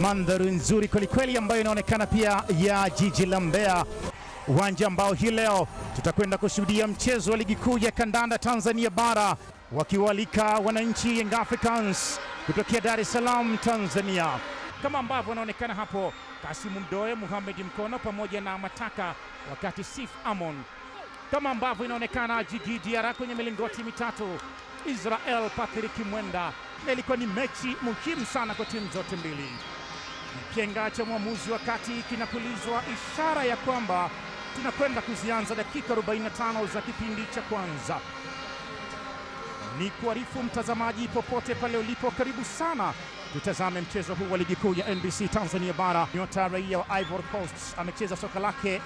mandhari nzuri kwelikweli ambayo inaonekana pia ya jiji la Mbeya, uwanja ambao hii leo tutakwenda kushuhudia mchezo wa ligi kuu ya kandanda Tanzania bara wakiwalika wananchi Young Africans kutokea Dar es Salaam Tanzania, kama ambavyo wanaonekana hapo Kasimu Mdoe, Muhammad Mkono pamoja na Mataka, wakati Sif Amon, kama ambavyo inaonekana Jiji Diarra kwenye milingoti mitatu, Israel Patrick Mwenda, na ilikuwa ni mechi muhimu sana kwa timu zote mbili. Mkenga cha mwamuzi wa kati kinapulizwa, ishara ya kwamba tunakwenda kuzianza dakika 45 za kipindi cha kwanza. Ni kuarifu mtazamaji popote pale ulipo, karibu sana tutazame mchezo huu wa ligi kuu ya NBC Tanzania Bara. Nyota raia wa Ivory Coast amecheza soka lake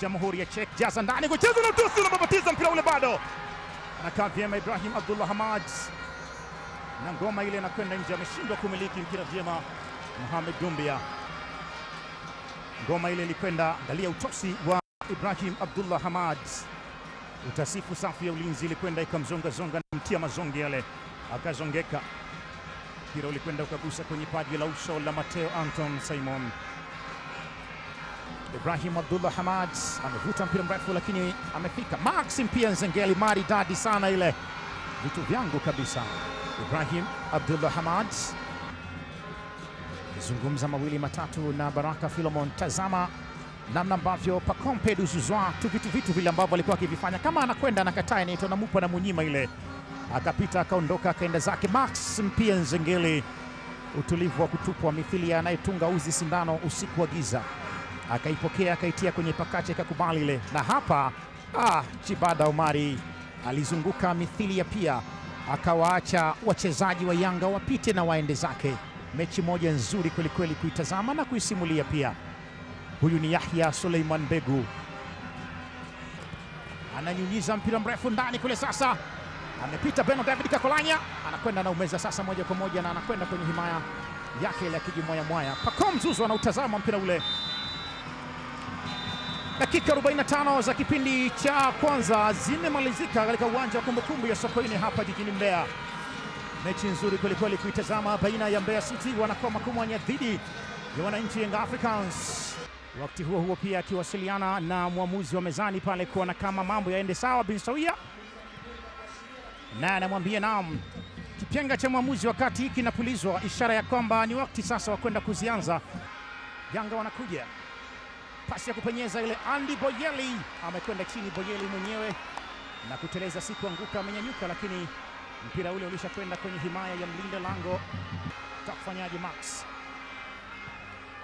Jamhuri ya Czech, jaza ndani, kucheza na utosi, unababatiza mpira ule, bado anakaa vyema Ibrahim Abdullah Hamad, na ngoma ile inakwenda nje, ameshindwa kumiliki mpira vyema Mohamed Dumbia. Ngoma ile ilikwenda, angalia utosi wa Ibrahim Abdullah Hamad. Utasifu safu ya ulinzi ilikwenda ikamzongazonga na mtia mazonge yale, akazongeka. Mpira ulikwenda ukagusa kwenye paji la uso la Mateo Anton Simon. Ibrahim Abdullah Hamad amevuta mpira mrefu, lakini amefika Maxim pia Nzengeli, maridadi sana ile, vitu vyangu kabisa. Ibrahim Abdullah Hamad zungumza mawili matatu na Baraka Filomon. Tazama namna ambavyo Pacome Duzuzwa tu vitu vitu vile ambavyo alikuwa akivifanya, kama anakwenda anakataa, inaitwa namupa na munyima, ile akapita akaondoka akaenda zake. Max Mpia Nzengeli, utulivu wa kutupwa, mithili anayetunga uzi sindano usiku wa giza, akaipokea akaitia kwenye pakache akakubali ile. Na hapa ah, Chibada Omari alizunguka mithili ya pia, akawaacha wachezaji wa Yanga wapite na waende zake mechi moja nzuri kwelikweli kuitazama na kuisimulia pia. Huyu ni Yahya Suleiman Begu, ananyunyiza mpira mrefu ndani kule. Sasa amepita Beno David Kakolanya, anakwenda anaumeza sasa moja kwa moja na anakwenda kwenye himaya yake ile ya kijimwayamwaya. Pacome Zuzu anautazama mpira ule. Dakika 45 za kipindi cha kwanza zimemalizika katika uwanja wa kumbukumbu ya Sokoine hapa jijini Mbeya. Mechi nzuri kwelikweli kuitazama baina ya Mbeya City wanakuwa makumwanya dhidi ya wananchi Young Africans. Wakati huo huo pia akiwasiliana na mwamuzi wa mezani pale kuona kama mambo yaende sawa bin sawia, naye anamwambia naam. kipenga cha mwamuzi wakati hiki kinapulizwa, ishara ya kwamba ni wakati sasa wa kwenda kuzianza. Yanga wanakuja pasi ya kupenyeza ile, Andy Boyeli amekwenda chini, Boyeli mwenyewe na kuteleza, si kuanguka, amenyanyuka lakini Mpira ule ulishakwenda kwenye himaya ya mlinda lango, takufanyaje? Max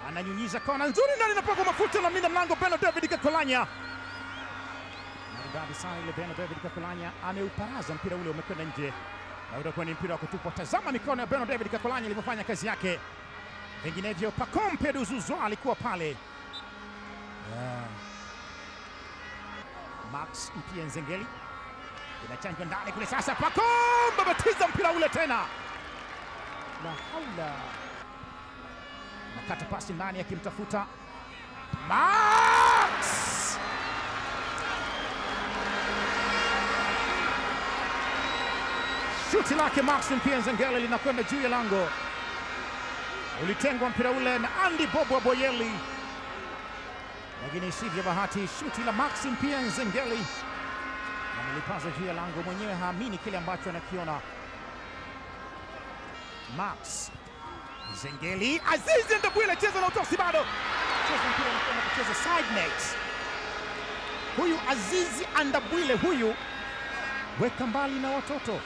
ananyunyiza kona nzuri ndani, napakwa mafuta na mlinda mlango Beno David Kakolanya. Maridadi sana ile, Beno David Kakolanya ameuparaza mpira ule, umekwenda nje na utakuwa ni mpira wa kutupwa. Tazama mikono ya Beno David Kakolanya ilivyofanya kazi yake, vinginevyo Pacome Zouzoua alikuwa pale yeah. Max Mpia Nzengeli inachanjwa ndani kule, sasa Pacome batiza mpira ule tena, la haula, nakata pasi ndani akimtafuta Max shuti lake max mpia Pienzengele linakwenda juu ya lango. Ulitengwa mpira ule na Andy Bobo Boyeli, lakini isivyo bahati, shuti la Mpia Pienzengele amelipaza juu ya lango mwenyewe, haamini kile ambacho anakiona. Max Zengeli, Azizi Ndabwile, cheza na utosi, bado cheza mpira na kucheza side net. Huyu Azizi Andabwile huyu, weka mbali na watoto.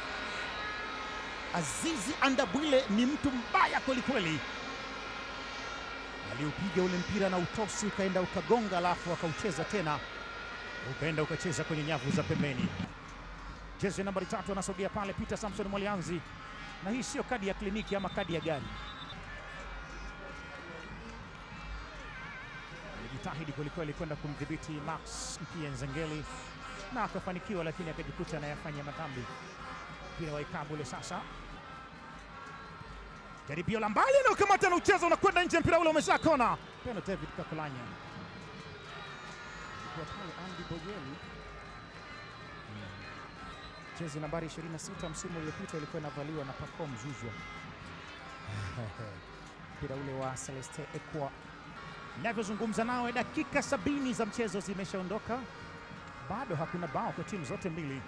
Azizi Andabwile ni mtu mbaya kwelikweli, aliupiga ule mpira na utosi ukaenda ukagonga, alafu akaucheza tena upenda ukacheza kwenye nyavu za pembeni. Jezi nambari tatu anasogea pale Peter Samson Mwalianzi, na hii sio kadi ya kliniki ama kadi ya gari. Alijitahidi kwelikweli kwenda kumdhibiti Max mpia Nzengeli na akafanikiwa, lakini akajikuta anayafanya madhambi. Mpira wa ikabu ule sasa jaribio la mbali anaokamata na ucheza unakwenda nje, mpira ule umeshakona kona. Peno David Kakulanya kwa pale Andy Bojeli jezi nambari 26 msimu uliopita ilikuwa inavaliwa na Paco Mzuzwa. mpira ule wa Celeste Ekwa. Ninavyozungumza nawe, dakika sabini za mchezo zimeshaondoka, bado hakuna bao kwa timu zote mbili.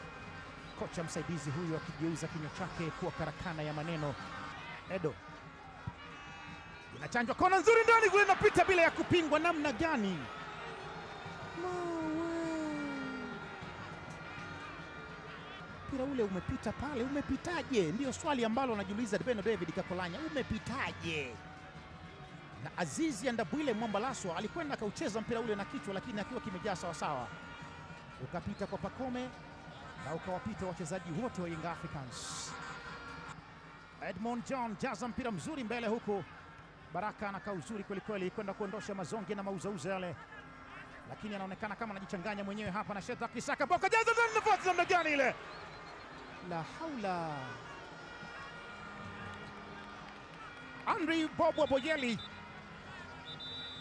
Kocha msaidizi huyu akigeuza kinywa chake kuwa karakana ya maneno. Edo inachanjwa, kona nzuri ndani, gule inapita bila ya kupingwa. Namna gani! mpira ule umepita pale, umepitaje? Ndio swali ambalo anajiuliza Dependo David Kakolanya, umepitaje? Na Azizi Andabwile Mwambalaswa alikwenda akaucheza mpira ule na kichwa, lakini akiwa kimejaa sawasawa, ukapita kwa Pakome na ukawapita wachezaji wote wa Young Africans. Edmond John jaza mpira mzuri mbele huku Baraka anakaa uzuri kwelikweli kwenda kuondosha mazonge na mauzauza yale, lakini anaonekana kama anajichanganya mwenyewe hapa na Shetak Kisaka Boka jaza ndani nafasi namna gani ile la haula. Andri Bobwa Boyeli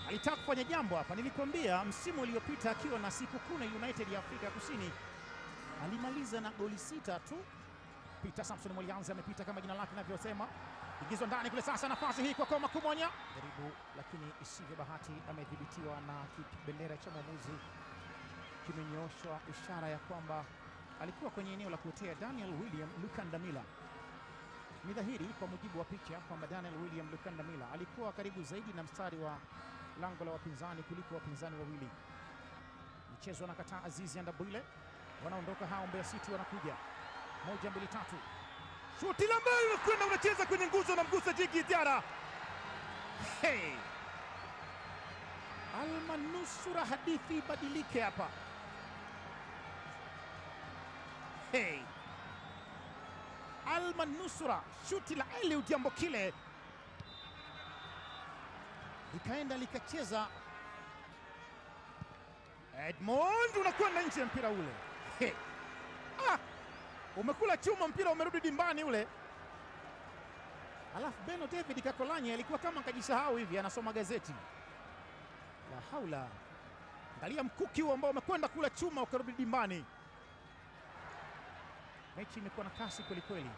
alitaka kufanya jambo hapa. Nilikwambia msimu uliopita akiwa na siku kune United ya Afrika Kusini alimaliza na goli sita tu. Peter Samson Mwalianzi amepita kama jina lake linavyosema, ingizwa ndani kule. Sasa nafasi hii kwa Koma Kumonya jaribu, lakini isivyo bahati, amedhibitiwa na bendera cha mwamuzi, kimenyoshwa ishara ya kwamba alikuwa kwenye eneo la kuotea Daniel William Lukandamila. Ni dhahiri kwa mujibu wa picha kwamba Daniel William Lukandamila alikuwa karibu zaidi na mstari wa lango la wapinzani kuliko wapinzani wawili. Mchezo anakataa Azizi Andabwile, wanaondoka hao. Mbeya City wanakuja moja mbili tatu, shuti la mbele linakwenda, unacheza kwenye nguzo na mgusa Jiki Diara. Hey, almanusura hadithi ibadilike hapa. Hey. Almanusura, shuti la Eliud kile likaenda likacheza. Edmond unakwenda nje ya mpira ule. Hey. Ah, umekula chuma, mpira umerudi dimbani ule. Alafu Beno David Kakolanye alikuwa kama akajisahau hivi, anasoma gazeti. La haula! Angalia mkuki huu ambao umekwenda kula chuma ukarudi dimbani. Mechi imekuwa na kasi kwelikweli.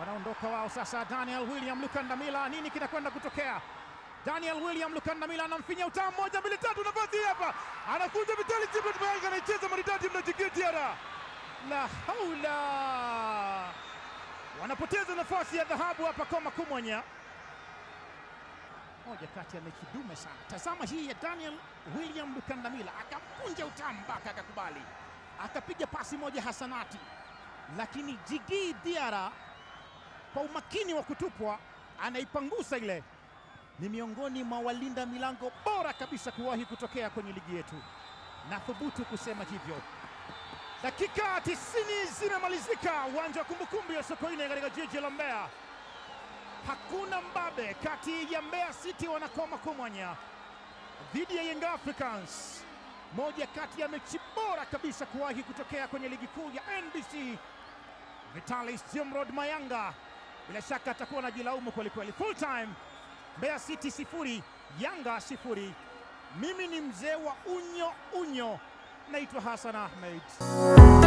Wanaondoka wao sasa. Daniel William Lukandamila, nini kinakwenda kutokea? Daniel William Lukandamila anamfinya utamu, moja mbili tatu, nafasi hapa, anakuja Vitali Chibet, anaicheza maridadi, mnajigia tiara. La haula, wanapoteza nafasi ya dhahabu hapa. kwa Makumwanya moja kati ya mechi dume sana. Tazama hii ya Daniel William Lukandamila, akamkunja utamu mpaka akakubali, akapiga pasi moja hasanati, lakini Jigi Diara kwa umakini wa kutupwa anaipangusa ile. Ni miongoni mwa walinda milango bora kabisa kuwahi kutokea kwenye ligi yetu, nathubutu kusema hivyo. Dakika 90 zimemalizika, uwanja wa kumbukumbu ya Sokoine katika jiji la Mbeya hakuna mbabe kati ya Mbeya City wanakoma kumwanya dhidi ya Young Africans, moja kati ya mechi bora kabisa kuwahi kutokea kwenye ligi kuu ya NBC. Vitalis Jimrod Mayanga bila shaka atakuwa na jilaumu kwelikweli. Full time Mbeya City sifuri Yanga sifuri. Mimi ni mzee wa unyo unyo, naitwa Hassan Ahmed.